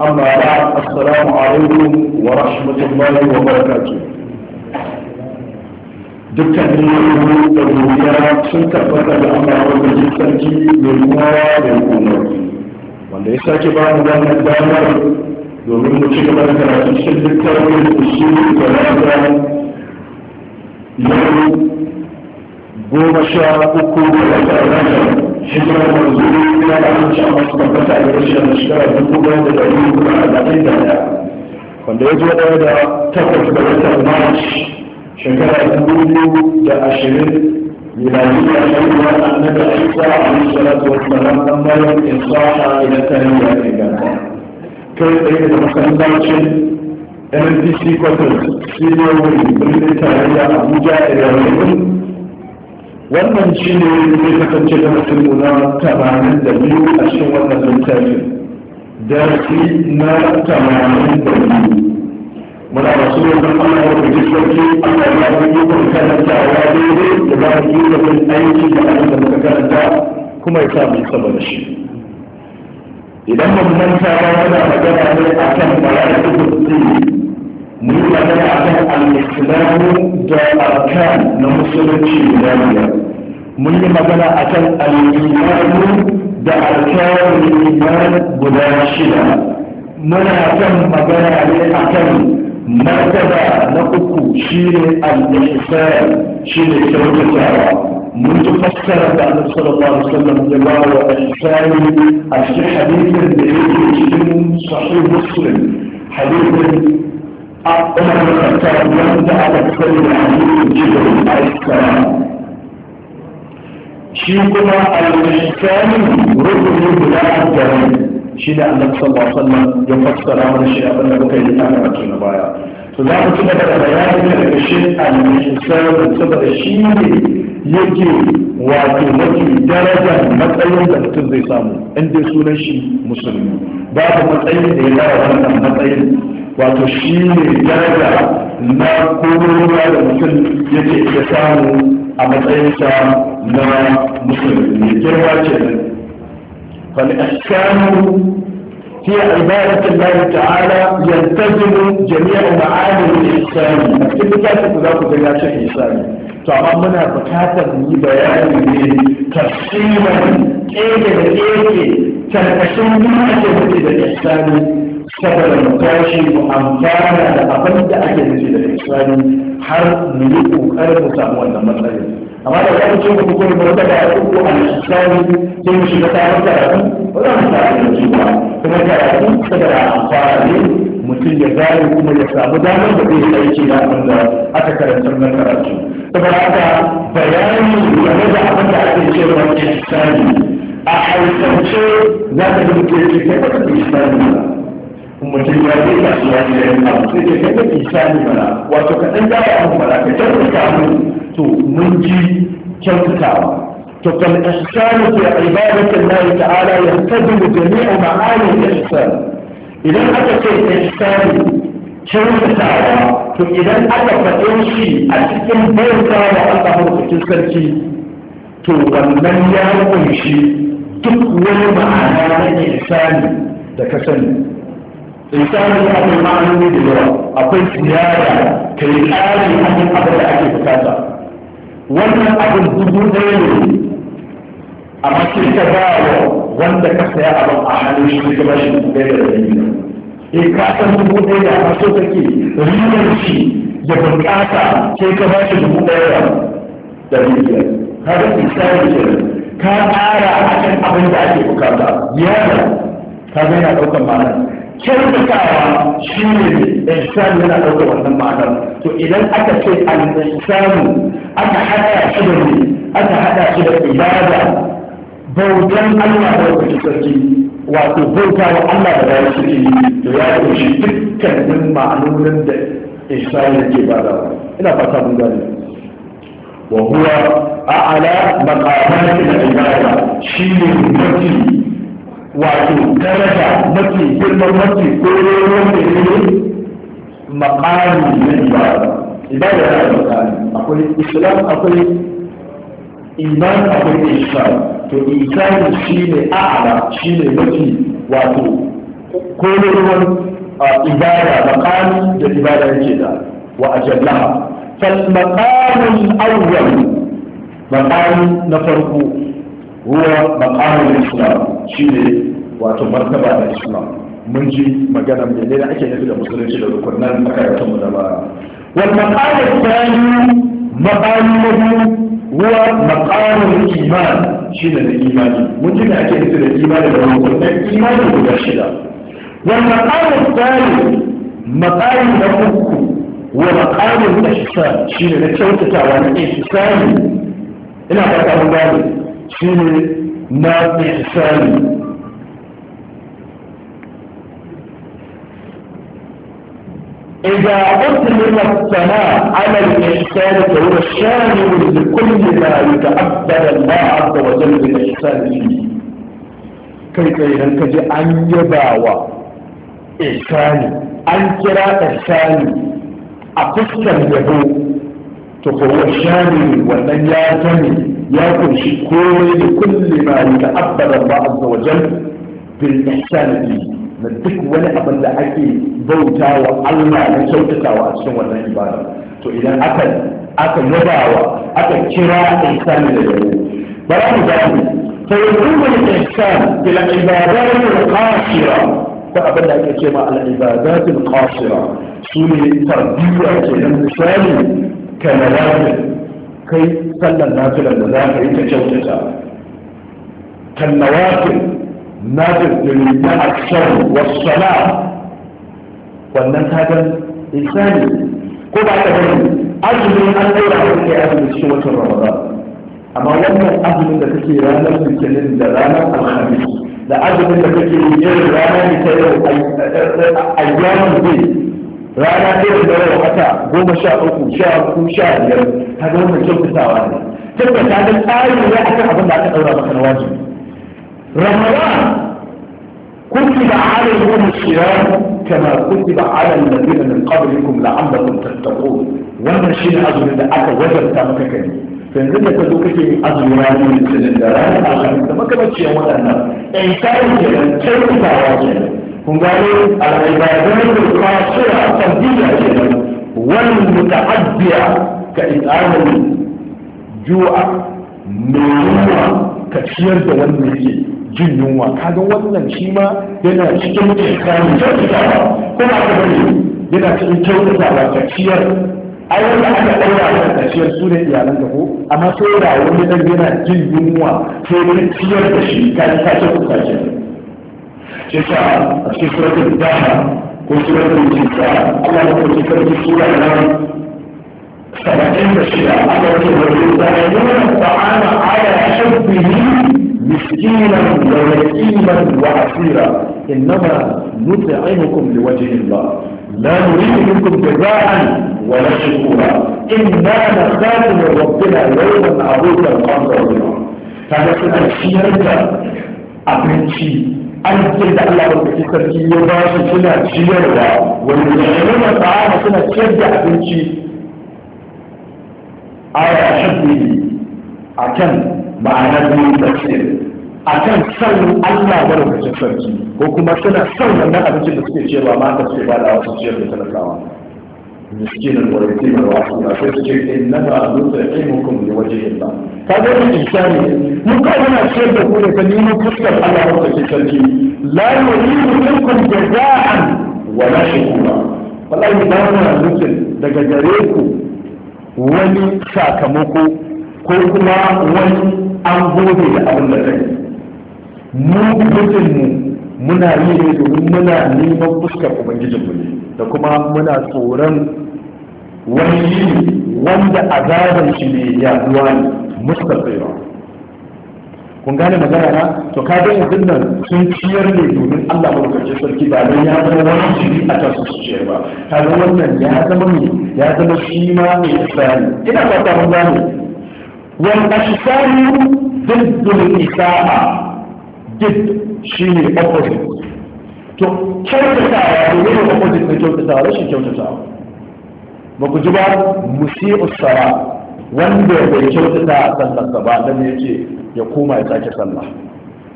أما بعد السلام عليكم ورحمة الله وبركاته dukkanin yau da duniya sun tabbata da amma wajen sarki mai kuma mai kuma wanda ya sake ba mu wannan damar domin mu ci gaba da karatun cikin littafin usul da rayuwa yau goma sha uku da tsarin da manzo ya da amince a masu tabbata a gare shi a shekara dubu ɗaya da ɗari uku da arba'in da ɗaya wanda ya zo ɗaya da takwas da watan march shekara dubu biyu da ashirin miladiyya ta ruwa annabi isa alaihi salatu wassalam an bayar isaha ila tarihi ya inganta kai tsaye da masallacin NDC Quarters, Senior Wing, Birnin Tarayya Abuja, Area Wing, wannan shi ne zai kasance da mutum na tamanin da biyu a cikin wannan littafin darasi na tamanin da biyu muna masu yin zama na wata jiswarki a yi abin yi kuma karanta a wajen da za a yi da kai aiki da abin da muka karanta kuma ya sa mai da shi idan mun manta ba muna magana ne a kan mala'ikun da su mun yi magana a kan al-islamu da arkan na musulunci da biyar mun yi magana a kan al'imanu da alkawarin iman guda shida muna kan magana ne a kan martaba na uku shi ne al'isar shi ne kyautatawa منذ فسر بعد صلى الله عليه وسلم جماعة الإنسان في حديث بإذن صحيح مسلم حديث أمر الخطاب لم تعد كل حديث جبريل عليه السلام shi kuma al-mishkani rukuni guda arba'in shi ne annabi sallallahu alaihi ya fassara mana shi abin da muka yi ta karatu na baya to za mu ci gaba da bayani daga shi al saboda shi ne yake wato mafi daraja matsayin da mutum zai samu inda sunan shi musulmi babu matsayin da ya dawo wannan matsayin wato shi ne daraja na kowa da mutum yake iya samu a matsayinsa na musulmi girma ce nan في عبادة الله تعالى يلتزم جميع معاني الإحسان أكتب كاتب ذاك في ذاك الإحسان تعممنا بكاتب بيان تفصيلا كيف كيف تنقسم بما أجبت إلى الإحسان سبب المتاشي وأمكانا لأبدا أجبت إلى الإحسان حرب ملوك أربطة وأنا مطلئة amma da ya ce ku kuma mun da ya ku a islami sai mu shiga ta karatu ku za mu ta yi ba kuma karatu saboda amfani mutum ya gane kuma ya samu damar da zai aiki da abin da aka karanta na karatu saboda haka bayani game da abin da ake cewa islami a hausance za ka ga mutum ya ce kai ba ka islami mutum ya yi kashi ya yi yayin abu sai ce kai kake shani mana wato ka dan gaya abu mana ka kyautata mu to mun ji kyautatawa to kan ihsanu fi ibadati Allah ta'ala yahtadimu jami'u ma'ani al-ihsan idan aka ce ihsanu kyautatawa to idan aka faɗe shi a cikin bauta wa Allah mafikin sarki to wannan ya kunshi duk wani ma'ana na ihsani da ka sani insanin abin ma'anoni da yawa akwai tiyara ta yi abin da ake bukata wannan abin dubu ɗaya ne a mace ta ba wa wanda ka saya abin a hannun shi ka ba shi ɗaya da ɗari in ka san dubu ɗaya da ka so kake ribar shi ya bunƙasa sai ka ba shi dubu ɗaya da ɗari biyar ka ga insanin ke ka ƙara akan abin da ake bukata biyar ka ga yana ɗaukar ma'anar kyautatawa shi ne ihsan yana ɗaukar wannan ma'anar to idan aka ce al-ihsanu aka haɗa shi da ne aka haɗa shi da ibada bautan Allah da wata sarki wato bauta wa Allah da bayan shi to ya kunshi dukkanin ma'anonin da ihsan yake bada ina fata mun gane wa huwa a'ala maqamat al-ibada shi ne mafi wato daraja mafi girman mafi koyon wanda ne makami na ibada ibada na makami akwai islam akwai iman akwai islam to islam shi ne a'ala shi ne mafi wato koyon ibada makami da ibada yake da wa ajallaha fal maqamul awwal maqami na farko huwa maqamul islam shine wato martaba da islam mun ji magana ne da ake nufi da musulunci da rukunan makarantar mu da ba wal maqamul thani maqamuhu huwa maqamul iman shine da imani mun ji da ake nufi da imani da rukunan imani guda shida wal maqamul thani maqamul na uku wa maqamul ihsan shine da kyautatawa na ihsani ina ba fata mun gane shi ما إحسان إذا أطلق الثناء على الإحسان فهو الشامل لكل ما يتقبل الله عز وجل بالإحسان فيه كيف ينكج أن يباوى إحساني أن ترى إحساني أقصى اليهود الشامي ومن يا ياكل شكوري لكل ما يتقبل الله عز وجل بالإحسان لي نتك ولا أبدا أكي بوتا وعلما نسوتا وأسوى الإبادة تو إلى أكل أكل نبع وأكل كراء إحسان لله برأي ذلك فيقوم الإحسان إلى عبادات القاصرة فأبدا أكي مع العبادات القاصرة سوني تربية لنسالي ka na kai sallar nafilar da za ka yi ta kyautata kan nawafil nafil da rinta a shan wasala wannan kagan insani ko ba ka gani azumi an daura wa kai azumi cikin watan ramadan amma wannan azumin da kake ranar litinin da ranar alhamis da azumin da kake yi irin ranar litinin ayyamin zai rana ɗaya da rawa haka goma sha uku sha uku sha biyar ta ga wannan kyautatawa ne tabbata ta ga tsari ne akan abin da aka ɗaura maka na wajibi ramadan كتب عليكم الصيام كما كتب على الذين من قبلكم لعلكم تتقون wannan shi ne azumin da aka wajabta maka kai yanzu da ka zo kake yin azumi ranar litinin da ranar alhamis da makamaciyar waɗannan ɗan kayan kenan kyautatawa kenan kun gane al-ibadatu al-qasira tabdiya kenan wal muta'addiya ka it'amul ju'a nuna ka ciyar da wanda yake jin yunwa kaga wannan shi ma yana cikin kyakkyawan kyakkyawa kuma ka bari yana cikin ba, ka ciyar ai wanda aka ɗaura da ciyar su ne iyalan da ko amma sai da wani dan yana jin yunwa sai wani ciyar da shi ka ta ce ku ka ce شيشا الشيشرة الداحة وسورة الانتفاع الله يقول في كل سورة الآن سبعين بشيرة إنما نطعمكم لوجه الله لا نريد منكم جزاء ولا شكورا إنا نخاف من ربنا يوما عروسا قمر بنا فنحن الشيء أبنتي An arzikin da Allah ke sarki ya ba su suna ciyarwa wanda yana ta'ama suna ciyar da abinci a aya shafi a kan ma'anar yin tafsir a kan son Allah da ke sarki ko kuma suna son wannan abincin da suke cewa ma ta ce ba da wasu ciyar da talakawa miskinan wa yatiman in na sai su ce innama nut'imukum li yadda ta zai yi Isa ne mun ka a cikin da ku da neman fuskar Allah wa take sarki la yuridu minkum jaza'an wa la shukura wallahi ba mu nufin daga gare ku wani sakamako ko kuma wani an gode da abin da kai mu mutum mu muna yi ne domin muna neman fuskar ubangijinmu ne da kuma muna tsoron wani yini wanda azabar shi ne ya zuwa ne mustaqira kun gane magana na to ka ga yanzu nan sun ciyar ne domin Allah kace sarki ba dan ya zama wani shiri a tasu su ciyar ba ka ga wannan ya zama ne ya zama shi ma ne tsari ina ta mun gane wal ashsaru isa'a, الإساءة shi ne opposite to kyautatawa domin da opposite na kyautatawa rashin kyautatawa ba ku ji ba musi'u sara wanda bai kyautata a sallarsa ba dan ya ya koma ya sake sallah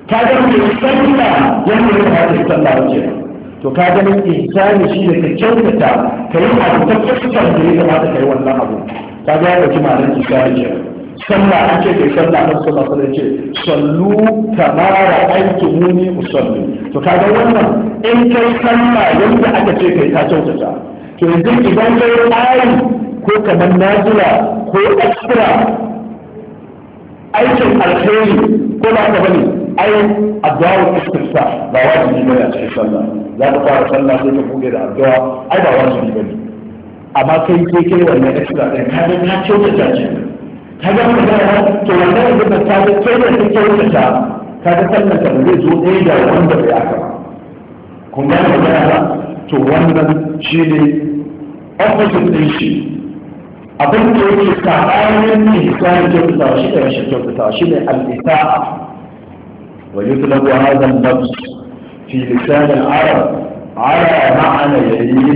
ka ga mai sallah yanda ya kamata ya sallah wace to ka ga mai ihsani shi da ka kyautata ka yi abu ta fuskar da ya kamata ka yi wannan abu ka ga ya ɗauki ma'anar ihsani kenan sallah an ce kai sallah su masu da ce sallu mara aiki muni usalli to kaga wannan in kai sallah yanda aka ce kai ta kyautata to yanzu idan kai ayi ko kamar nazila ko extra aikin alheri ko ba ka bane ai addu'a istifsa ba wajibi bane a cikin sallah za ka fara sallah sai ka buɗe da addu'a ai ba wajibi bane amma kai kai kai wannan extra ɗin ka na kyautata ce هذا مثلا كلمة بدنا تعرف كيف تكون شعب هذا كلمة تقول إيه ده وانت في أكبر كم يعني مثلا to wannan shi ne opposite ɗin shi abin da yake tsakanin ihsan kyautata shi da rashin kyautata shi ne al-isa wa yutlabu hadha al-nafs fi lisan al-arab ala ma'ana yayi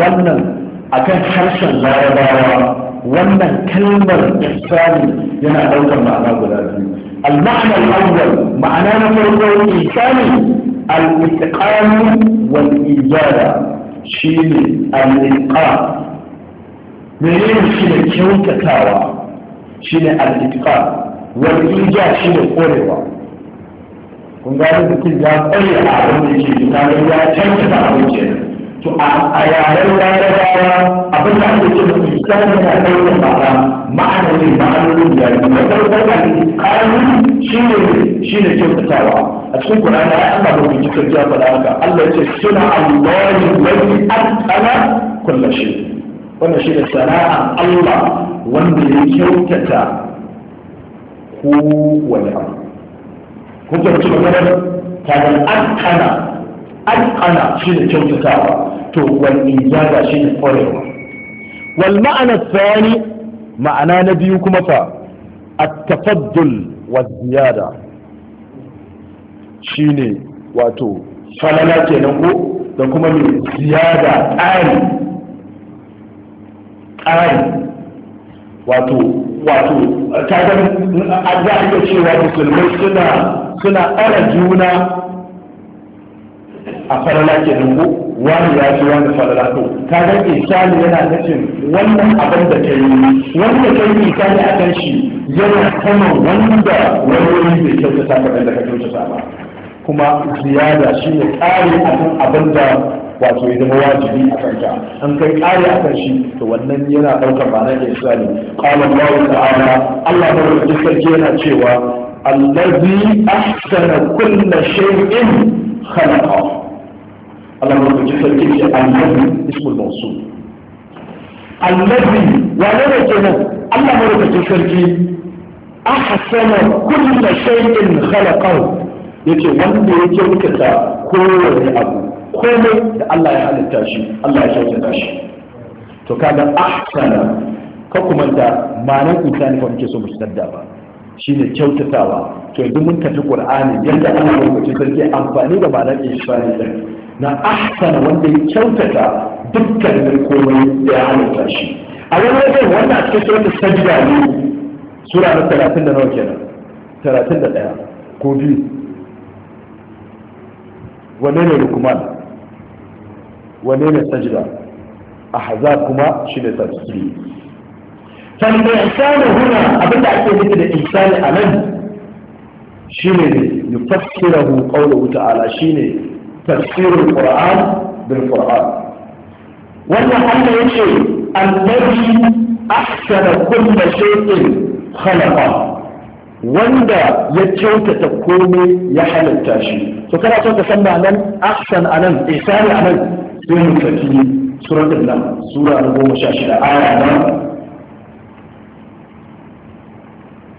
wannan akan harshen larabawa wannan kalmar ihsani yana daukar ma'ana guda biyu al-ma'ana al-awwal ma'ana na farko ihsani al-itqan wal ijada shine al-itqan shi shine kyautatawa shine al-itqan wal ijada shine korewa kun gano mutum ya kware a abin da yake fita ya kyautata abin kenan to a yaren larabawa abin da ake ce musu islam yana ɗauka fara ma'ana ne ma'anonin da yare kuma ɗaukar da ake ƙarfi shi ne shi ne kyautatawa a cikin kuna na ya Allah mai cikakkiya faɗa haka Allah ya ce suna Allah wani atana kullu shi wannan shi ne sana'a Allah wanda ya kyautata wani abu kun ta mutum magana ta ga atana atana shi ne kyautatawa to wal ijaza shi ne kwarewa wal ma'ana tsani ma'ana na biyu kuma fa at-tafaddul wa ziyada shine wato falala kenan ko da kuma mai ziyada ƙari ƙari wato wato ta ga a iya cewa musulmai suna suna ara juna a farala kenan ko wani ya ce wani falala to ka ga misali yana nufin wannan abin da ta yi wanda ta yi misali a kan shi yana kama wanda wani wuri bai kyautata kamar da ka kyautata ba kuma ziyada shi ne ƙari a kan abin da wato ya zama wajibi a ta an kai ƙari a kan shi to wannan yana ɗaukar ba na isali qala Allah ta'ala Allah wani sarki yana cewa allazi ahsana kulla shay'in khalaqa Allah ya kuce sarki ce annabi ismul mawsul annabi wane ne nan Allah ya kuce sarki ahsana kulli shay'in khalaqahu yace wanda ya kyautata kowane abu komai da Allah ya halitta shi Allah ya kyautata shi to kaga ahsana ka kuma da ma'anar insani fa muke so mu sadda ba shine kyautatawa to idan mun tafi qur'ani yadda Allah ya kuce sarki amfani da ma'anar insani din na ahsana wanda ya kyautata dukkanin komai da ya halitta shi a wani wajen wannan cikin suratul sajda ne sura na da 39 kenan 31 ko biyu Wanne ne rukuman Wanne ne sajda ahzab kuma shi ne tafsiri sannan ihsanu huna abinda ake nufi da ihsani a nan shine ne yufassirahu qawluhu ta'ala shine تفسير القرآن بالقرآن والمحل شيء الذي أحسن كل شيء خلقه وندا يتشوك تكومي يحل التاشي فكرة تسمى أنم أحسن أنم إحسان أنم سورة الفتي سورة النم سورة أبو مشاشرة آية ألم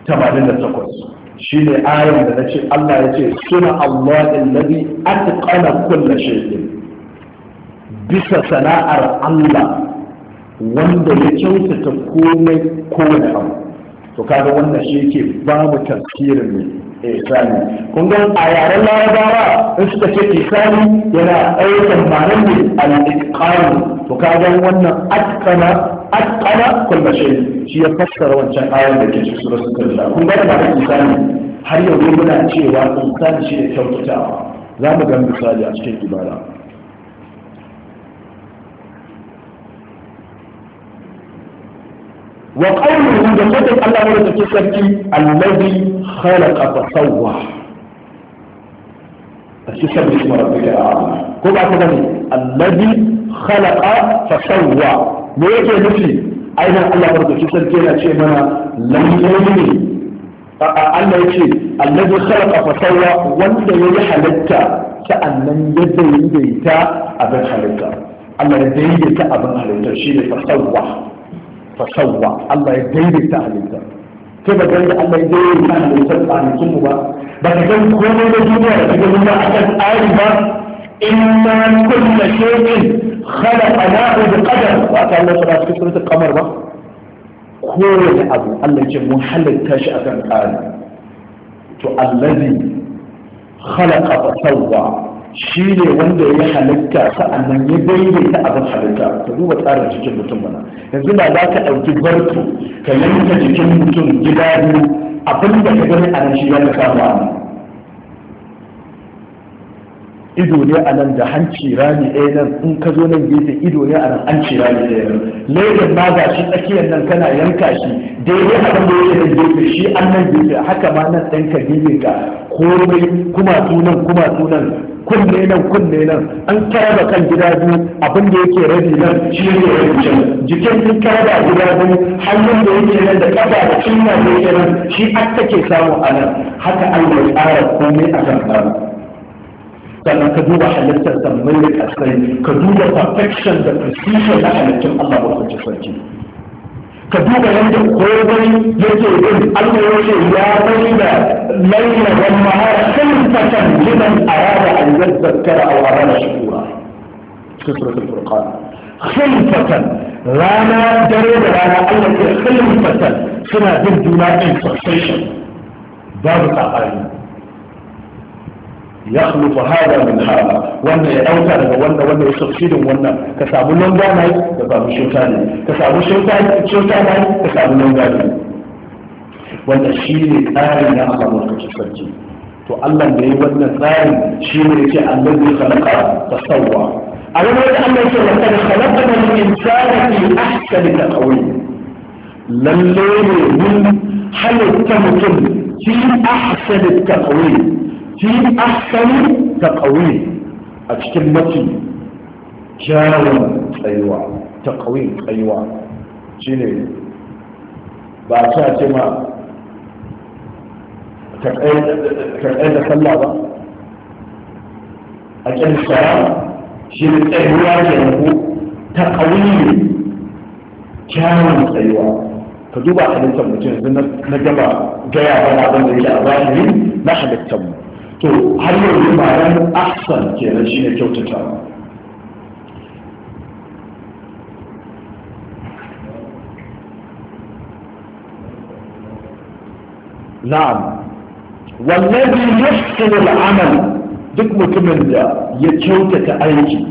تمام للتقص shi ne ayon da na ce Allah ya ce suna Allah illazi atqana kulla shay'in bisa sana'ar Allah wanda ya kyautata komai kowane abu to kaga wannan shi yake babu tafsirin ne isani kun ga a yaren larabawa in suka ce isani yana aikin ma'anar ne al-iqam to kaga wannan atkana أتقل كل شيء شيء يفسر وانشاء آية لك سورة الله كن بعد ما الإنسان هل يقولون أن شيء وانسان شيء كوتتا لا مجمع مثالي أشكي كبارا وقوله عند صدق الله ولا تتسكي الذي خلق فصوى تتسكي اسم ربك العالم كل ما الذي خلق فصوى me yake nufi ainihin Allah barkaci sarki yana ce mana lallai ne Allah ya ce annabi khalaqa fa sawwa wanda yayi halitta sa'annan ya daidaita abin halitta Allah ya daidaita abin halitta shine fa sawwa fa sawwa Allah ya daidaita halitta sai ba gani Allah ya daidaita halitta tsanikin mu ba ba ka san komai da duniya da cikin a kan tsari ba إما كل شيء خلق له بقدر وأتى الله صلى الله عليه وسلم القمر بقى كل أبو الله جمع حل التشأة الآن تو الذي خلق فتوى شيل وندى يحلقك فأنا يبين أبو حلقك تدوب تارى جيجي المتمنى يقول لا تأو تبرتو كلمة جيجي المتمنى جداري أبنى تقول أنا شيئا لك أبو عمي ido ne a nan da hanci rami ɗaya nan in ka zo nan gefe ido ne a nan hanci rami ɗaya nan ledan ma ga shi tsakiyar nan kana yanka shi daidai a nan da yake nan gefe shi an nan gefe haka ma nan ɗan ka gefe ka komai kuma tunan kuma tunan kunne nan kunne nan an karaba kan gida biyu abin da yake rabi nan shi ne ya can jikin sun karaba gida biyu hannun da yake nan da kafa da cinna da yake nan shi aka ke samu a nan haka an yi tsara komai a kan sannan ka duba halittar sammai da kasai ka duba perfection da precision na halittun Allah ba kwanci sarki ka duba yadda komai yake yin Allah yake ya mai da laila wa mahara kalfatan liman arada an yadhakkara aw arada shukura suratul furqan khilfatan rana dare da rana Allah ya khilfatan suna bin juna in succession babu sabani يخلق هذا من هذا وانا يأوتا لك وانا وانا يستخدم وانا كسابوا لهم داني كسابوا شيطاني كسابوا شيطاني شيطاني كسابوا لهم داني وانا شيني تاري يا أخي الله كتفجي تو الله ليه وانا تاري شيني كي الذي خلق تصوى على ما يقول الله يقول لقد خلقنا الإنسان في أحسن تقوي لليل من حلو التمتم في أحسن التقويم في أحسن تقويم أجتمة جاوم أيوة تقويم أيوة جيني باتاتي ما تقعيد تقعيد أجل الصلاة جيني أيوة جنبو تقويم جاوم أيوة فدوبا حدثة مجنة نجمع جاية بلا بلا بلا بلا بلا بلا بلا to har yanzu bayan ahsan kenan shine kyautata. na'am wallazi yahsinu al-amal duk mutumin da ya kyautata aiki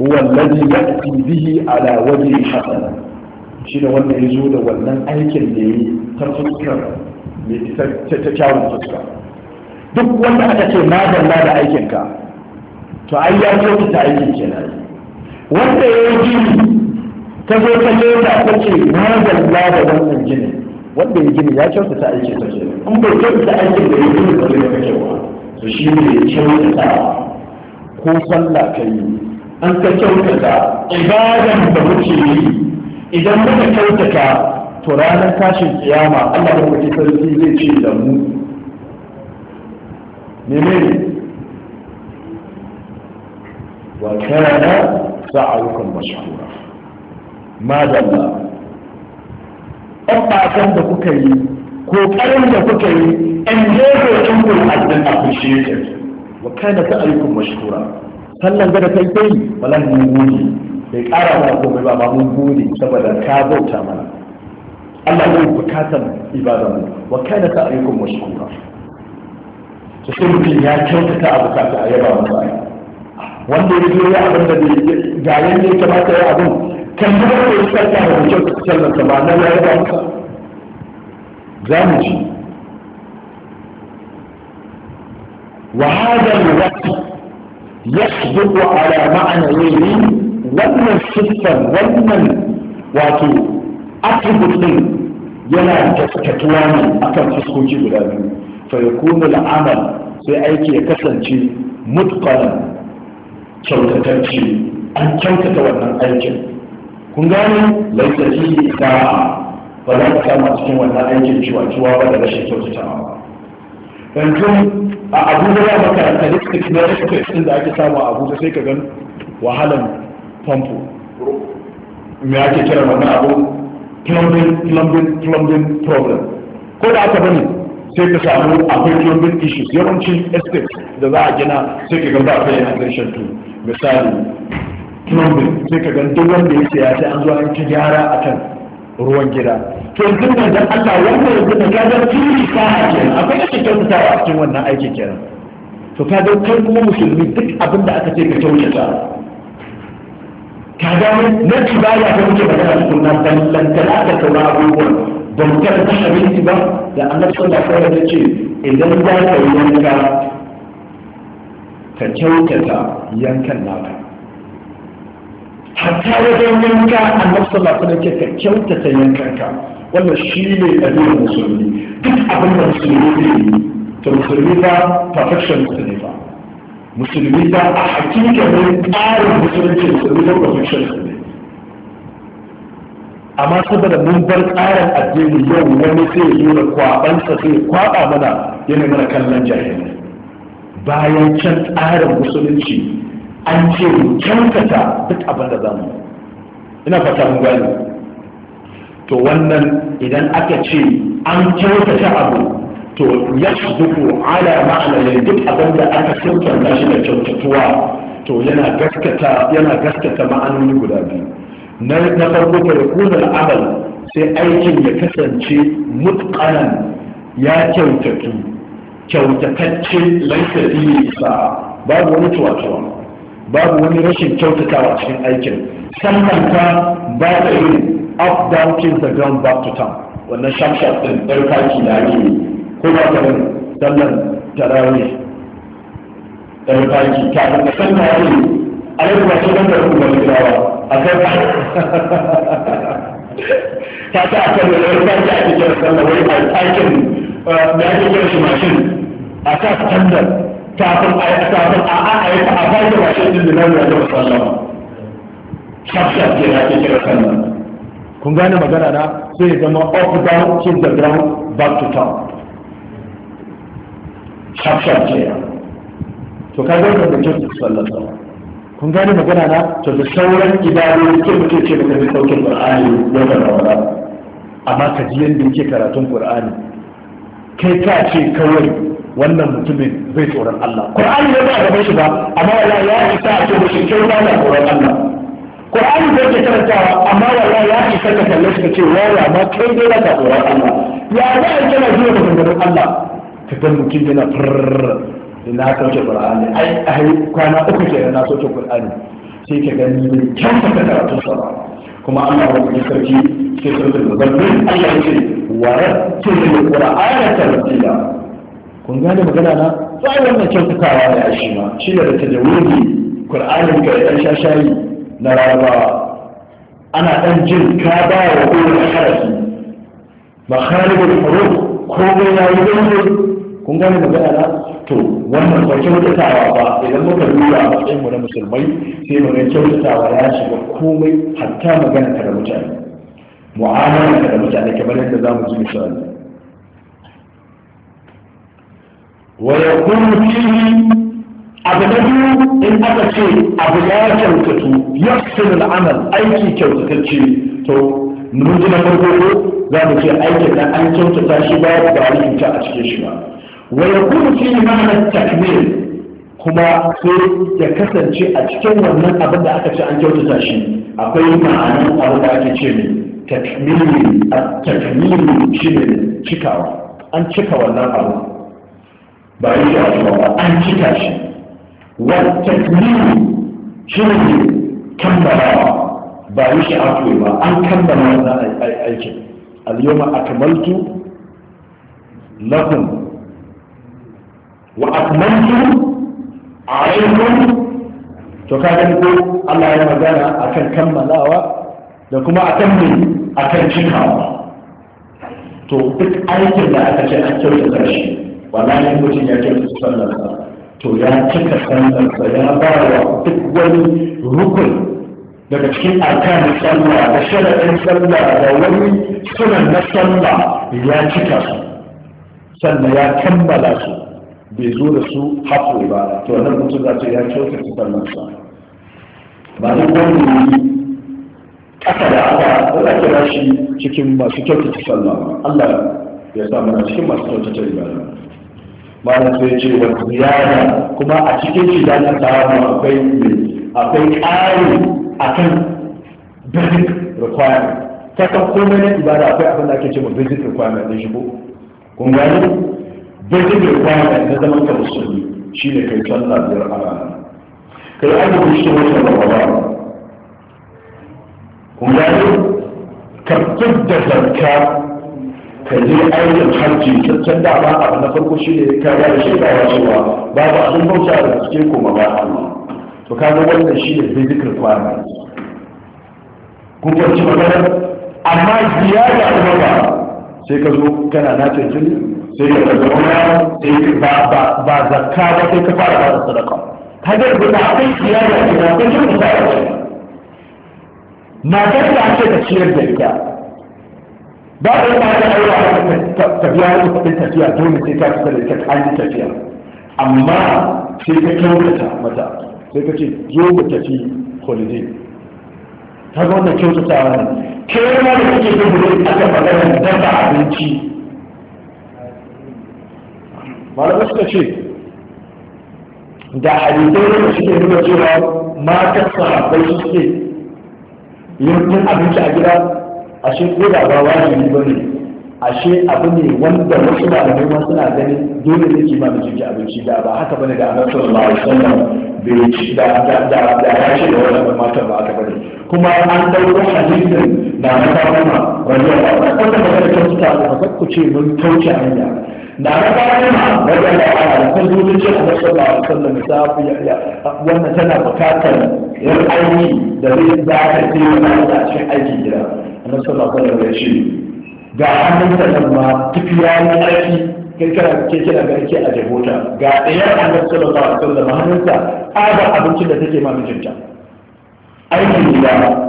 wallazi ya'ti bihi ala wajhi hasana shine wanda ya zo da wannan aikin da yi ta fuskar ta kyawun fuska duk wanda aka ce madalla da aikinka to ai ya kyautata aikin nan wanda ya yi gini ta zo ta ce ta ta ce madalla da wannan gini wanda ya gini ya kyautata aikin ta ce in bai kyauta aikin da ya gini ba zai kake wa to shi ne ya kyautata ko sallah ka yi an ka kyautata ibadan da muke yi idan muka kyautata to ranar tashin kiyama Allah ya kwace sarki zai ce da mu menene wa kana sa'ayukum mashkura madalla abakan da kuka yi ko ƙarin da kuka yi in jefe kin kun addin appreciated wa kana sa'ayukum mashkura sallan da kai kai wallahi mun gode bai ƙara mana komai ba ba mun gode saboda ka bauta mana Allah ne bukatar ibadan mu wa kana sa'ayukum mashkura su shi mutum ya kyautata a bukata a yaba masa wanda ya zo ya abin da ga yanda ya kamata ya abin kan yi wanda ya kyautata da mutum su sallanta ba na ya yaba masa za mu ci وهذا الوقت يصدق على معنى wannan siffar wannan wato attribute din yana gaskatuwa ne akan fuskoki guda biyu fa yakunu al'amal sai aiki ya kasance mutqanan kyautatacce an kyautata wannan aikin kun gane laisa fihi sa'a ba za ka samu cikin wannan aikin ciwa-ciwa ba da rashin kyautatawa yanzu a abuja ya maka statistics na statistics din da ake samu a abuja sai ka gan wahalan famfo me ake kira wannan abu plumbing plumbing plumbing problem ko da aka bane sai ka samu akwai urban issues yawancin estate da za a gina sai ka gaba a yana ƙarshen tu misali plumbing sai ka gan duk wanda yake ya sai an zo an ci gyara a kan ruwan gida to yanzu nan dan Allah wanda yanzu da kaga turi sa'a kenan akwai ake kyautatawa a cikin wannan aiki kenan to ka ga kai kuma musulmi duk abin da aka ce ka kyautata ka gano na ba ya ta muke magana cikin na ballantana ta kaura abubuwan ban ta abinci ba da annabi sallallahu alaihi wasallam ce idan za ka yi yanka ka kyautata yankan naka hatta wajen yanka annabi sallallahu alaihi wasallam ka kyautata yankan ka, wannan shi ne ɗabi'ar musulmi duk abin da musulmi ne to musulmi ba perfection musulmi ba musulmi ba a hakikanin tsarin musulunci musulmi na constitution ne amma saboda mun bar tsarin addini yau wani sai ya nuna kwabansa sai kwaba mana yana mana kallon jahili bayan can tsarin musulunci an ce mu kyautata duk abin da zamu ina fata mun gani to wannan idan aka ce an kyautata abu to ya shigo ala ma'ana duk abin da aka kirkanta shi da kyautatuwa to yana gaskata yana gaskata ma'anoni guda biyu na na farko da yakuna al'amal sai aikin ya kasance mutqanan ya kyautatu kyautatacce laisa fiye babu wani tuwatuwa babu wani rashin kyautatawa cikin aikin sannan ta ba ta yin up down the ground back to town wannan shamshar din ɗarkaki da ne ko ba ka bane sallan tarawih da faki ta da sallan a alaikum wa sallam da kuma kan ba ta ta akan da wani ba ta ake kira sallan wani a takin da ake kira shi mashin a ta standard kafin a yi kafin a a a yi ta a fara mashin din da nan da ta sallama shaf shaf ake kira sallan kun gane magana na sai zama off down to the ground back to town shafshaf ce to ka zai da kyau sallar sama kun gane magana na to da sauran ibadodi ke muke ce muka bi saukin qur'ani lokacin ramadan amma ka ji yadda yake karatun qur'ani kai ka ce kawai wannan mutumin zai tsoron Allah qur'ani ne ba gaban shi ba amma wala ya isa a ce mushi kai ba na tsoron Allah qur'ani da yake karantawa amma wala ya isa ka kalle shi ka ce wala ma kai dai ba ka tsoron Allah ya za a kana zuwa da tsoron Allah fitan mutum yana furr na sauke qur'ani ai ai kwana uku ke na sauke qur'ani sai ka gani ne kyan ta karatu sama kuma Allah ya yi sarki sai sarki da zalmi Allah ya ce wa rattil qur'ana tartila kun gane magana na sai wannan kyautatawa ne a shi ma shi da tajawidi qur'anin ka ya shashayi na rawa ana ɗan jin ka ba wa kowane harafi ba kharibul huruf komai ya yi daidai kun gane magana na to wannan ba kyautatawa ba idan muka duba a matsayin mu na musulmai sai mu ga kyautatawa ya shiga komai hatta magana ta da mutane mu'amala ta da mutane kamar yadda za mu ji misali wa yakunu fihi abu na biyu in aka ce abu ya kyautatu yaksinu al'amal aiki kyautatacce to mun ji na farko za mu ce aikin nan an kyautata shi ba da rikinta a cikin shi ba wa yakunu fi kuma sai ya kasance a cikin wannan abin da aka ci an kyautata shi akwai ma'anan abin da ake ce ne takmili shi ne cikawa an cika wannan abu ba yi shi ba an cika shi wa ba shi ba an aikin al-yawma akmaltu wa atmamtu alaykum to ka gani ko Allah ya magana akan kammalawa da kuma akan me akan cikawa to duk aikin da aka ce an kyautata shi wallahi mutum ya kyautata sallarsa to ya cika sallarsa ya ba wa duk wani rukun daga cikin arkan sallah da sharaɗin sallah da wani sunan na sallah ya cika sannan ya kammala su bai zo da su haƙo ba to nan mutum za ta ya kyauta su sallarsa ba da ne ƙasa da aka wanda kira shi cikin masu kyauta su sallah Allah ya sa mana cikin masu kyauta ta ibada ba da sai ce wa ziyara kuma a cikin shi za ta samu akwai akwai ƙari akan basic requirement ta kan komai na ibada akwai abin da ake ce ma basic requirement ne shi ko kun gani bai da requirement na zaman ka musulmi ne kai can biyar a rana kai azumi shi wata ramadan Kuma gani ka da zarka ka je aikin hajji cancan da ba a na farko shi ne ka ba wa cewa babu abin bauta da suke koma ba Allah to ka ga wannan shi ne basic requirement kun ci magana amma ziyara kuma ba sai ka zo kana na cancin sai ka zama sai ba ba ba zakka ba sai ka fara ba sadaka kaga da ba kai kiyaya ne ba kai kin fara ba matar da ce ka ciyar da ita ba da ba ta aura ta biya wani kuɗin tafiya dole sai ka fita da ka kayan tafiya amma sai ka kyautata mata sai ka ce zo ka tafi holiday ta ga wannan kyautatawa ne kai ma da kake gudu kan magana dafa abinci malamai suka ce da hadisai da suke nuna cewa matan sahabbai su suke yin abinci a gida ashe ko da ba wajibi ba ne ashe abu ne wanda wasu malamai ma suna ganin dole ne ki ma da jiki abinci da ba haka bane da annabi sallallahu alaihi wasallam bai ci da da da da ya ce da wannan matan ba haka bane kuma an dauko hadisin da na kawo ma wannan wannan magana ta ta ba ku ce mun kauce hanya da na ma? wajen da ana kun zuwa ce a wasu ba a sallan ta fi yaya wannan tana bukatar yan aiki da zai za ka ce yana da cikin aiki gida na sallan sallan ya ce ga hannun sallan ma tafi yayin aiki kirkira ke kira ga ake a jabota ga ɗayar annabi sallallahu alaihi wasallam hannunsa tsaba abincin da take ma mijinta aikin gida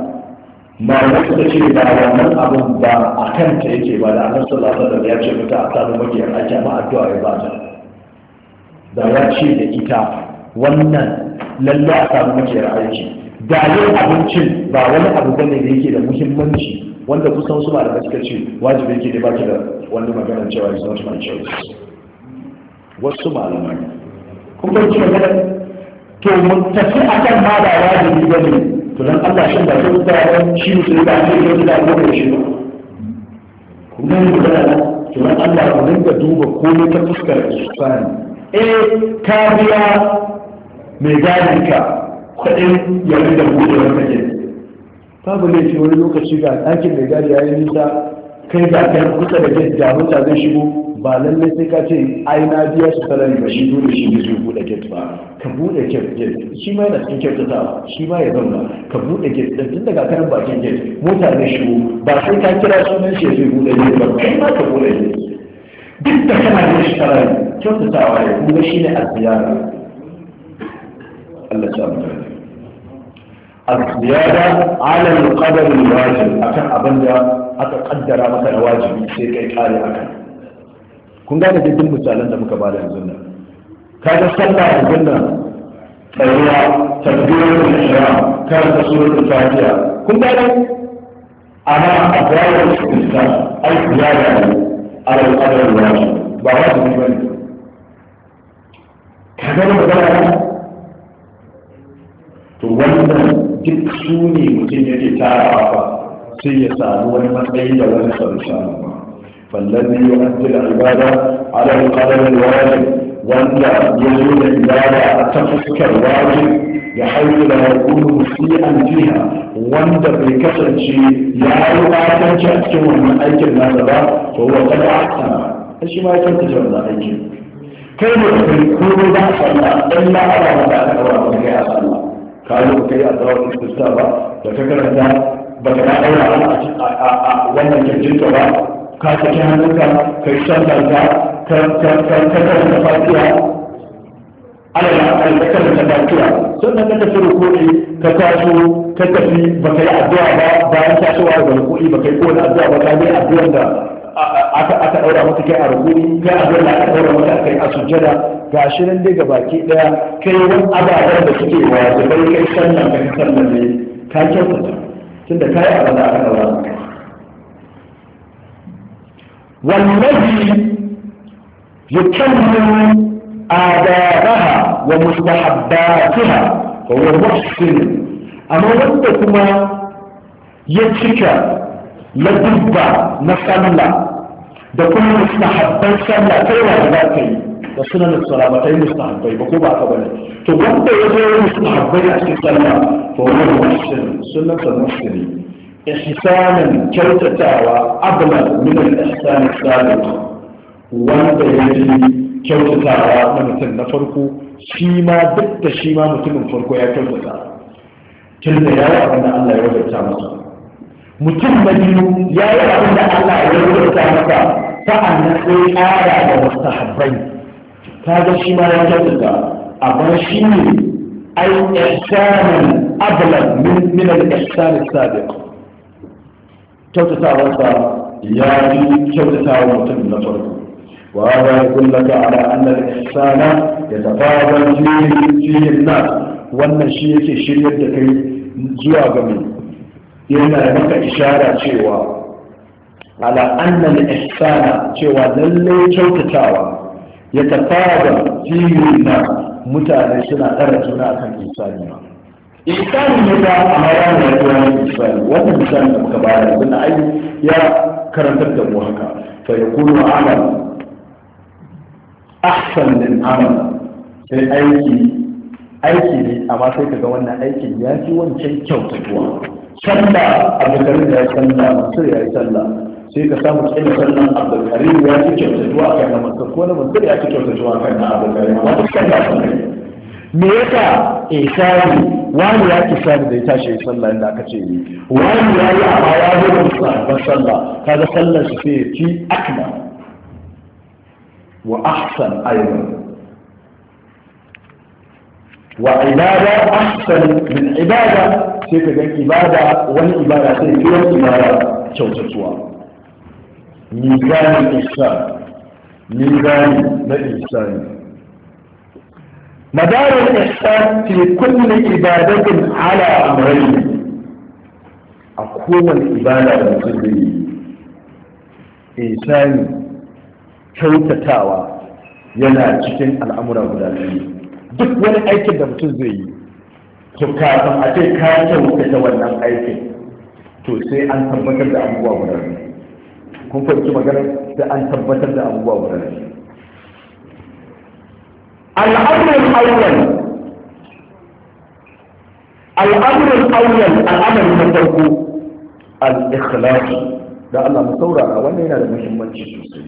Ba malamai suka ce ba wannan abin ba a kanta yake ba da annabi sun alaihi wasallam ya ce mata a tsaro magiyar ajiya ma addu'a ya bata da ya ce da ita wannan lallai a samu magiyar aiki da yin abincin ba wani abu ba ne da yake da muhimmanci wanda kusan su malamai suka ce wajibi yake da baki da wani maganar cewa is not my choice wasu malamai Kuma fahimci maganar to mun tafi akan ma da wajibi bane to dan Allah shin ba sai da shi ne ba sai da gida ko da shi ba kuma ne da to dan Allah ku dinga duba komai ta fuskar ihsani eh ka biya mai gadin ka kudin ya da gudun kake babu ne laifi wani lokaci ga ɗakin mai gadi yayin nisa kai ga kai kusa da gate da mota zai shigo ba lalle sai ka ce ai na biya su salari ba shi dole shi zai bude gate ba ka bude gate shi ma yana cikin ta shi ma ya ba ka bude gate da tun daga karan bakin gate mota zai shigo ba sai ka kira sunan shi zai bude gate ba kai ma ka bude gate duk da kana da shi ta kyautatawa ne kuma shi ne aziyara Allah ya mu الزيادة على القدر الواجب abin da. aka kaddara maka da wajibi sai kai kare haka. kun gane dukkan misalan da muka bada yanzu nan kaga sallah yanzu nan tsayuwa tabbiyar ihram karanta suratul fatiha kun gane amma a bayan istisna ai ziyara ne ala al-qadar wajib ba wajibi Ka kaga da ba to wannan duk su ne mutum yake tarawa sai ya sami wani matsayi da wani sabu samu ba fallazi ya hanci da ibada ala alƙalar wajib wanda ya zo da ibada ta fuskar wajib ya haifu da hukumu fi an jiha wanda bai kasance ya yi batanci a cikin wannan aikin nasa ba to wa kada a sana shi ma ya kyauta da wannan aikin kai ne kai komai ba sallah dan ma ana da alƙawari kai a sallah ka zo kai a tsawon istisqa ba da ka karanta ba ka daura a wannan kirjinka ba ka saki hannunka ka yi sallarka ka karanta fatiya alala ka karanta fatiya sannan ka tafi rukuni ka taso ka tafi ba ka yi addu'a ba bayan tasowa daga rukuni ba ka yi kowane addu'a ba ka yi addu'ar da aka aka daura maka kai a rukuni kai a zuwa aka daura maka kai a sujjada ga shi nan dai gabaki daya kai wani ababen da suke wa da kai sallah kai sallah ne ka kyautata tun da kayi abin da aka daura wallazi yukammilu adabaha wa mustahabbatiha fa huwa muhsin amma wanda kuma ya cika ladubba na sallah da kuma mustahabban sallah kai wa za ka yi da sunan salabatai mustahabbai ba ko ba ka bane to wanda ya zo mustahabbai a cikin sallah to wannan muslim sunan sa muslimi ihsanan kyautatawa abla min al-ihsan sabiq wanda ya yi kyautatawa na mutum na farko shi ma duk da shi ma mutumin farko ya kyautata tunda ya yi abin da Allah ya wajabta masa mutum na biyu ya yi abin da Allah ya wajabta masa sa'an nan sai ƙara da mustahabbai kaga shi ma ya kyautata amma shi ne ai ihsanan ablag min min al-ihsan as-sabiq kyautatawa sa ya yi kyautatawa mutum na farko وهذا يدل لك على أن الإحسان يتفاضل فيه فيه الناس وأن شيء شيء يدكي زوا جميل yana maka ishara cewa ala annal ihsana cewa lalle kyautatawa ya tafada filin na mutane suna ɗara juna akan insani ma insani ne ba amma ya ne ya tura insani wannan misali da muka bayar yanzu na ayi ya karantar da mu haka fa kuma amal ahsan min amal sai aiki aiki ne amma sai kaga wannan aikin ya fi wancan kyautatuwa sallah abu da ya sallah mutum ya yi sallah sai ka samu cikin sannan abdulkarim ya ci kyautatuwa a kan na masar ko na masar ya ci kyautatuwa a kan na abdulkarim amma duk kan nasu ne me yasa isari wani ya ki sani da ya tashi ya sallah inda aka ce yi wani ya yi amma ya zo da musamman sallah kaga sallar shi sai ya ci akma wa ahsan ayyuka وعبادة أحسن من عبادة سيكون عبادة والعبادة سيكون عبادة توتتوا mizani isa mizani na isani madarar isa ce kulle ibadatin ala a kowane ibada da mutum zai yi isani kyautatawa yana cikin al'amuran guda biyu duk wani aikin da mutum zai yi to kafin a ce ka wannan aikin to sai an tabbatar da abubuwa guda biyu kun fahimci magana da an tabbatar da abubuwa guda da al'amrul awwal al'amrul awwal al'amari na farko al-ikhlas da Allah mu saurara wannan yana da muhimmanci sosai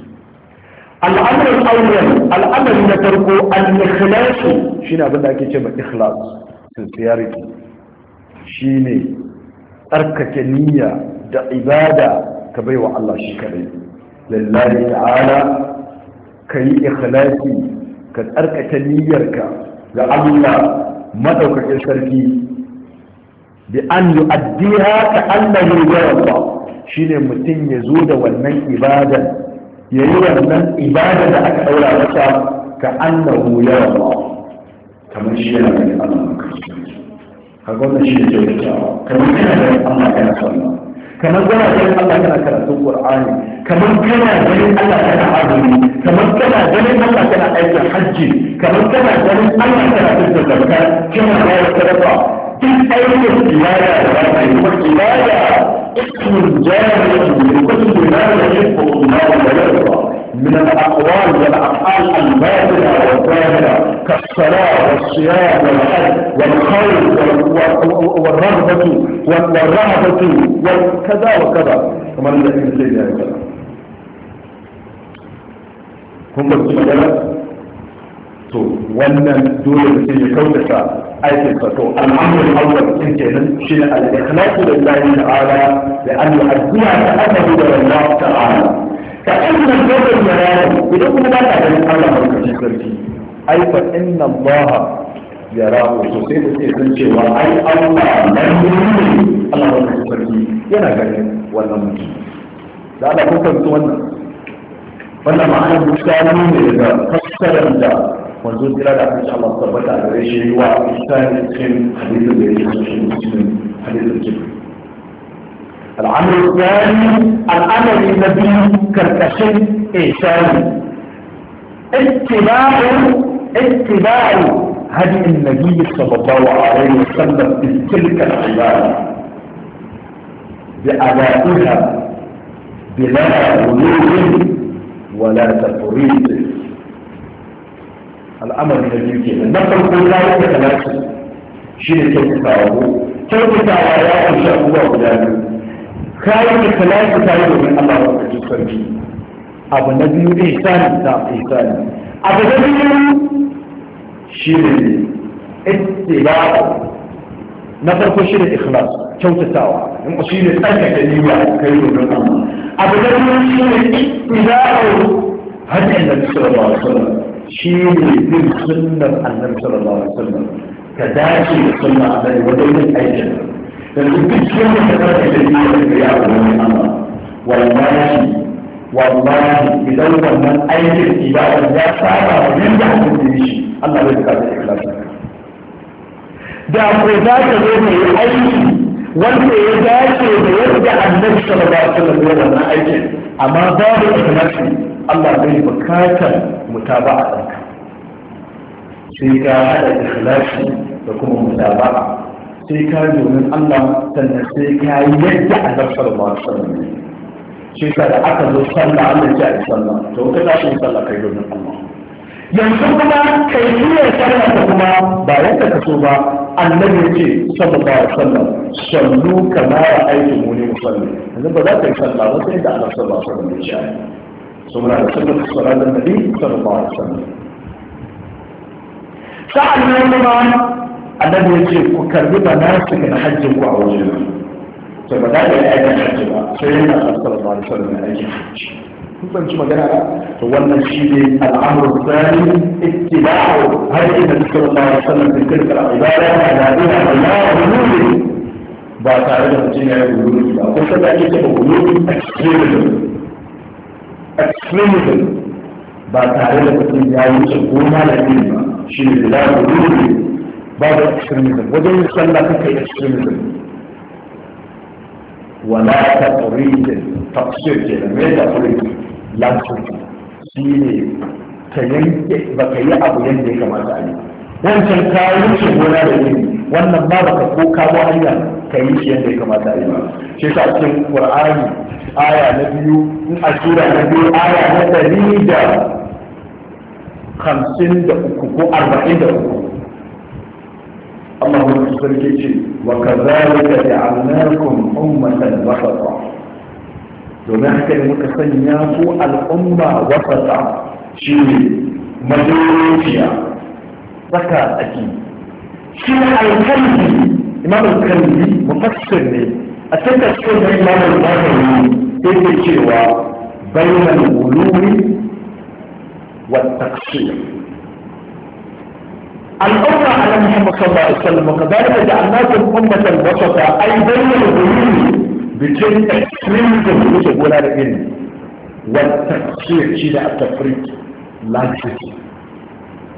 al'amrul awwal al'amari na farko al-ikhlas shine abin da ake ce cewa ikhlas sincerity shine tsarkake niyya da ibada تبيو الله شكري لله تعالى كي إخلاسي كد أركة نيرك لعلنا مدوك الشركي بأن يؤديها كأنه يرى الله شين متين يزود ونن إبادة يرى ونن إبادة لأك أولى بسا كأنه يرى الله كما شين من الله كما شين من الله كما شين من الله كما شين من الله kamar kana ganin Allah kana karatun Qur'ani kamar kana ganin Allah kana azumi kamar kana ganin Allah kana aikin hajji kamar kana ganin Allah kana fitar zakka kana bayar sadaqa duk aikin ibada da ba ta yi ibada ismun jami'in da kuma ibada da ke ko ibada da من الأقوال والاقوال الباطلة والباهره كالصلاة والصيام والحج والخوف والرغبة والرهبة وكذا وكذا كما لم يكن سيدي عليه السلام هم بس مجالة تو وانا دولة سيدي كوتك آية الفتو الأمر الأول سيدي شيء الإخلاص لله تعالى لأن يؤدي تاخذ أمر الله تعالى ka ɗan nan gobin bayani idan kuma ba ka ganin Allah mai kashi sarki ai fa inna Allah ya rawo to sai da sai san cewa ai Allah nan ne Allah mai kashi sarki yana ganin wannan mutum da Allah kun fahimci wannan wannan ma'anar misali ne daga fassarar da wanzu jira da kan Allah tabbata da rashin yi wa misali cikin hadisin da ya yi cikin hadisin cikin العمل الثاني الامر الذي كالكشف إنسان اتباع اتباع هدي النبي صلى الله عليه وسلم في تلك العبادة بأدائها بلا غلو ولا تفريط الأمر الذي فيه نفر كل لا شركه شيء كيف تعبوا كيف تعبوا الله kayan da talaki ta yi domin Allah wa kaji sarki abu na biyu ihsani ta ihsani abu na biyu shi ne ittiba'u na farko shi ne ikhlas kyautatawa in ku shi ne tsarkake niyya kai domin Allah abu na biyu shi ne ittiba'u hanyar da sallallahu alaihi wasallam shi ne bin sunnar annabi sallallahu alaihi wasallam ka dace da sunnar annabi wajen yin aikin فالمكتشف يتبقى الذين يتبعون الله والله والله إذا من أي اتباع لا صعب يرجع من شيء الله يذكر الإخلاص da ko za ka zo mai aiki wanda ya dace da yadda annabi sallallahu alaihi wasallam ya wannan aikin amma babu ikhlasi Allah bai bukatar mutaba'a ɗanka sai ka haɗa ikhlasi da kuma mutaba'a sai ka domin Allah sannan sai ka yi yadda Allah sallallahu alaihi wasallam shi ka da aka zo sallah Allah ya yi sallah to ka ta shi sallah kai domin Allah yanzu kuma kai niyyar sallah ta kuma ba yadda ka so ba annabi ya ce sallallahu alaihi wasallam sallu kama ra'aytu muni musalli yanzu ba za ka yi sallah ba sai da Allah sallallahu alaihi wasallam ya ce saboda da sallar salatin nabi sallallahu alaihi wasallam sa'an nan kuma annabi ya ce ku karbi ba na hajjin ku a wajen sai ba za ka yi aikin hajji ba sai yana sassar ba da sauran aikin hajji kun ci magana ba to wannan shi ne al'amur sani ittiba'u har inda sallallahu alaihi wasallam bin kirkar ibada da da'ina Allah ne ba tare da mutum ya yi gulubi ba ko sai da ake cewa gulubi extremism extremism ba tare da mutum ya yi wuce goma da ba shi ne da gulubi Ba babu extremism wajen yin sallah kuka yi extremism wala ta tsoridin tafsir ke da mai da tsoridin lantarki shi ne ta yanke ba ka yi abu yadda ya kamata a yi wancan ka wuce gona da yi wannan ba baka ko kawo hanya ka yi shi yadda ya kamata a yi ba shi sa cikin qur'ani aya na biyu in a sura na biyu aya na dari da hamsin da uku ko arba'in da uku الله مستركيك وكذلك جعلناكم أمة وسطا دونك المكسن ياكو الأمة وسطا شيء مجروفيا زكاة أكي شيء الكلب إمام الكلب مفسر لي أتنك أشكر إمام الباطل كيف يشير بين الغلو والتقصير الأمة على محمد صلى الله عليه وسلم وكذلك جعلناكم أمة وسطا أي بين الغيوم بجد تكريم الوجه ولا العلم والتقصير شيء التفريط لا تشكي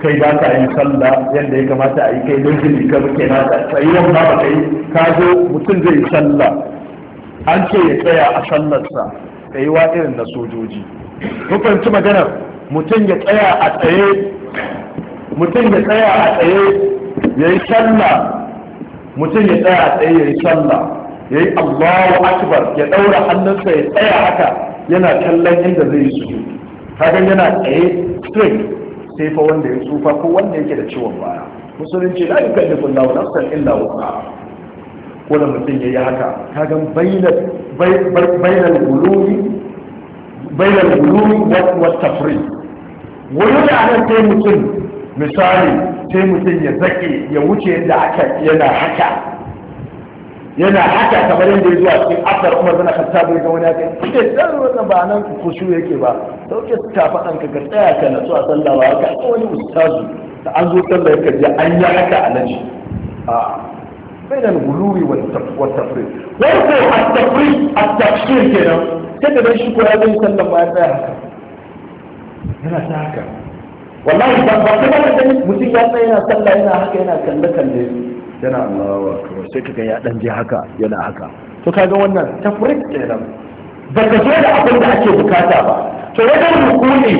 kai ba ka yi sallah yadda ya kamata a yi kai don jini ka ba kenan ka tsayuwan ba ka ka zo mutum zai yi sallah an ce ya tsaya a sallarsa tsayuwa irin da sojoji hukunci maganar mutum ya tsaya a tsaye mutum ya tsaya a tsaye ya yi sallah mutum ya tsaya a tsaye ya yi sallah ya yi allahu akbar ya ɗaura hannunsa ya tsaya haka yana kallon inda zai yi su kaga yana tsaye straight sai fa wanda ya tsufa ko wanda yake da ciwon baya musulunci la yukallifu llahu nafsan illa wusaha ko da mutum ya yi haka kaga bainal bainal guluwi bainal guluwi wa tafri wani da ana sai mutum misali sai mutum ya zaki, ya wuce yadda aka yana haka yana haka kamar yadda ya zuwa cikin asar umar zana kanta bai ga wani haka ita tsarin wannan ba nan kushu yake ba dauke kafaɗan ka ka tsaya ka natsu a sallama. Ka haka wani ustazu da an zo sallah ya kaji an yi haka a nan shi بين الغلو والتفريط ويقول التفريط التفسير كده كده بيشكو هذا يسلم وقال هكذا هنا هكذا wallahi ba ba ta ba gani mutum ya tsaya yana sallah yana haka yana kalle kalle yana Allahu akbar sai kaga ya dan je haka yana haka to kaga wannan tafrik kenan ba ka zo da abin da ake bukata ba to wajen rukuni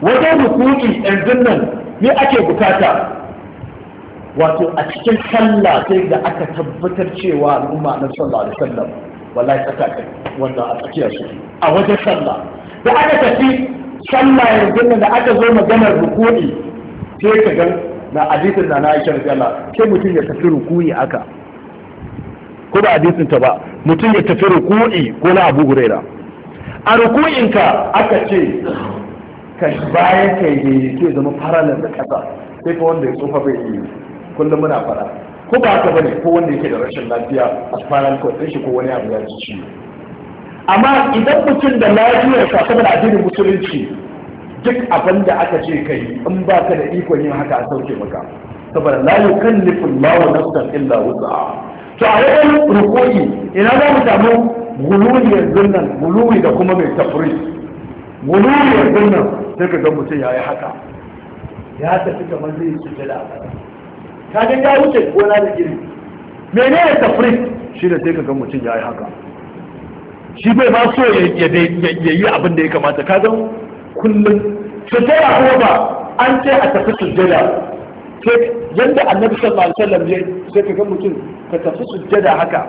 wajen rukuni yanzu nan me ake bukata wato a cikin sallah sai da aka tabbatar cewa al'umma na sallah da sallah wallahi tsaka wannan a tsakiyar su a wajen sallah da aka tafi sallah yanzu da aka zo maganar rukuni sai ka gan na hadisin da na aisha Allah sai mutum ya tafi rukuni aka ko ba hadisin ta ba mutum ya tafi rukuni ko na Abu Huraira a rukuninka aka ce ka bayan ka yi ke zama parallel da kasa sai ko wanda ya tsofa bai yi kullum muna fara ko ba ka bane ko wanda yake da rashin lafiya a spinal cord shi ko wani abu ya ci ciwo amma idan mutum da lafiyar sa saboda addinin musulunci duk abin da aka ce kai in ba ka da ikon yin haka a sauke maka saboda la yukallifu Allahu nafsan illa wus'aha to a yayin rukuyi ina za mu samu guluwi yanzu nan guluwi da kuma mai tafri guluwi yanzu nan sai ka ga mutum yayi haka ya tafi kamar zai sujada a ƙasa ka ga ya wuce gona da gini menene tafri shi da sai ka ga mutum yayi haka shi bai ba so ya yi abin da ya kamata ka zan kullum sujjada kuma ba an ce a tafi sujjada sai yadda annabi sallallahu alaihi wasallam ya sai ka ga mutum ka tafi sujjada haka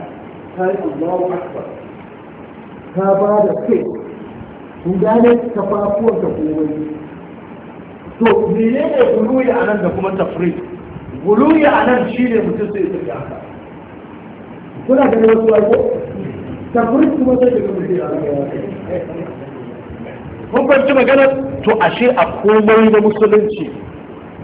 kai Allahu akbar ka ba da kai kun gane kafafuwan ka komai to menene guluyi anan da kuma tafrid guluyi anan shine mutum sai ya tafi haka kuna ganin wasu aiko tabburi kuma sai daga mutum mun fahimci magana to ashe a komai da musulunci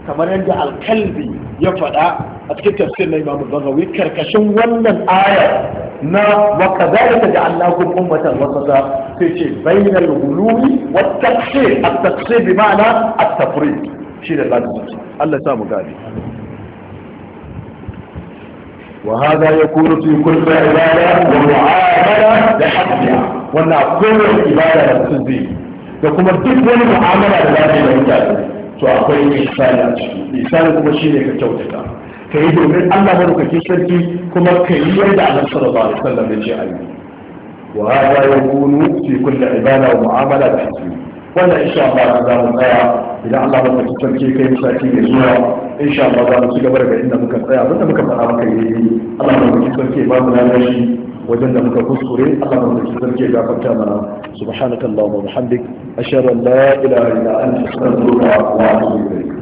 kamar yadda alkalbi ya faɗa a cikin tafsir na imamu bagawi karkashin wannan aya na wa kadhalika ja'alnakum ummatan wasata sai ce bainal ghuluwi wat taqsir at taqsir bi ma'ana at tafriq shi da lafiya Allah ya sa mu gane وهذا يكون في كل عبادة ومعاملة لحقها وأن كل عبادة لتنزيه لكم الدب والمعاملة لذلك لو جاءت سأقول إيه إحسان أشكي إحسان كما شيني كتوتك كيدو من الله ملوك كيسنك كما كيدا على صلى الله عليه وسلم يجي وهذا يكون في كل عبادة ومعاملة لحقها wannan insha Allah za mu tsaya idan Allah ba ta sarki kai sati mai zuwa insha Allah za mu ci gaba daga inda muka tsaya abin da muka faɗa muka yi Allah ba ta sarki ba mu lalar shi wajen da muka kuskure Allah ba ta sarki ya gafarta mana subhanakallahumma wa bihamdik ashhadu an la ilaha illa anta astaghfiruka wa atubu ilayk